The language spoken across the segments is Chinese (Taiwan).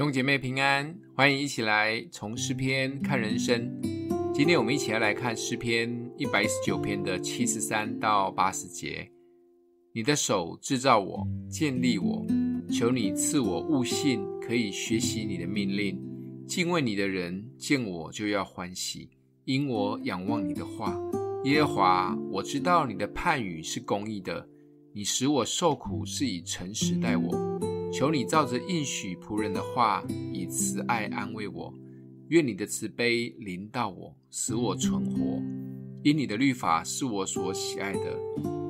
弟兄姐妹平安，歡迎一起來從詩篇看人生。今天我們一起來，來看詩篇一百一十九篇的七十三到八十節。你的手製造我，建立我，求你賜我悟性，可以學習你的命令。敬畏你的人見我就要歡喜，因我仰望你的話。耶和華，我知道你的判語是公義的，你使我受苦是以誠實待我。求你照着應許僕人的話，以慈愛安慰我。願你的慈悲臨到我，使我存活。因你的律法是我所喜愛的。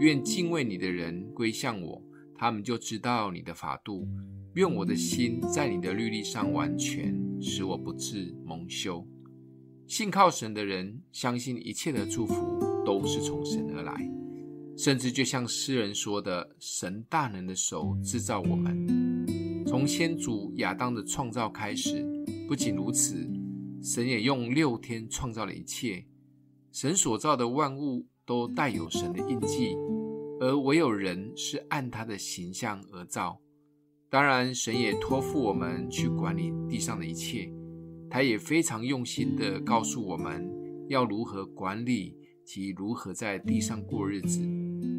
願敬畏你的人歸向我，他們就知道你的法度。願我的心在你的律例上完全，使我不至蒙羞。信靠神的人，相信一切的祝福都是從神而來，甚至就像詩人說的：“神大能的手制造我們。”從先祖亞當的創造開始，不僅如此，神也用六天創造了一切。神所造的萬物都帶有神的印記，而唯有人是按他的形象而造。當然，神也託付我們去管理地上的一切，他也非常用心的告訴我們要如何管理及如何在地上過日子。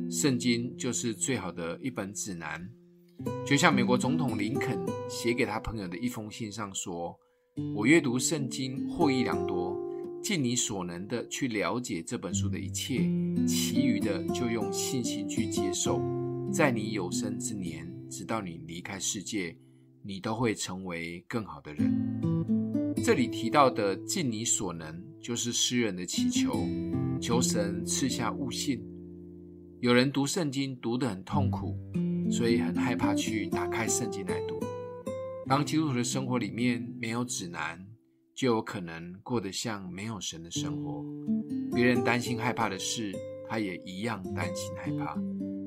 聖經就是最好的一本指南。就像美國總統林肯寫給他朋友的一封信上說：“我閱讀聖經獲益良多，盡你所能的去了解這本書的一切，其餘的就用信心去接受。在你有生之年，直到你離開世界，你都會成為更好的人。”這裡提到的“盡你所能”就是詩人的祈求，求神賜下悟性。有人讀聖經讀得很痛苦。所以很害怕去打開聖經來讀。當基督徒的生活裡面沒有指南，就有可能過得像沒有神的生活。別人擔心害怕的事，他也一樣擔心害怕。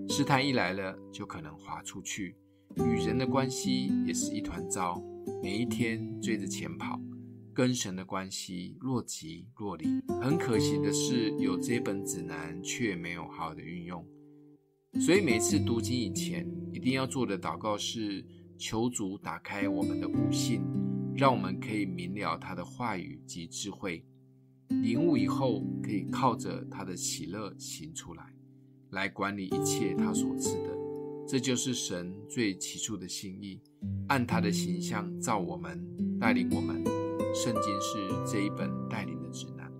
試探一來了，就可能滑出去。與人的關係也是一團糟，每一天追着錢跑，跟神的關係若即若離。很可惜的是，有這本指南卻沒有好好的運用。所以每次讀經以前。一定要做的禱告是求主打開我們的悟性，讓我們可以明了他的話語及智慧，領悟以後可以靠着他的喜樂行出來，來管理一切他所賜的。這就是神最起初的心意，按他的形象造我們，帶領我們。聖經是這一本帶領的指南。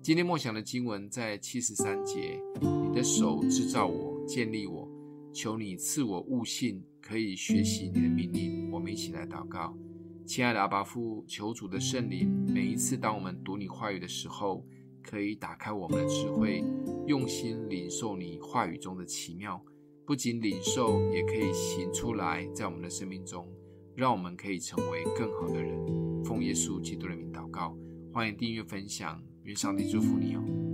今天默想的經文在七十三節：你的手制造我，建立我。求你賜我悟性，可以學習你的命令。我們一起來禱告，親愛的阿爸父，求主的聖靈，每一次當我們讀你話語的時候，可以打開我們的智慧，用心領受你話語中的奇妙。不僅領受，也可以行出來，在我們的生命中，讓我們可以成為更好的人。奉耶穌基督的名禱告，歡迎訂閱分享，願上帝祝福你哦。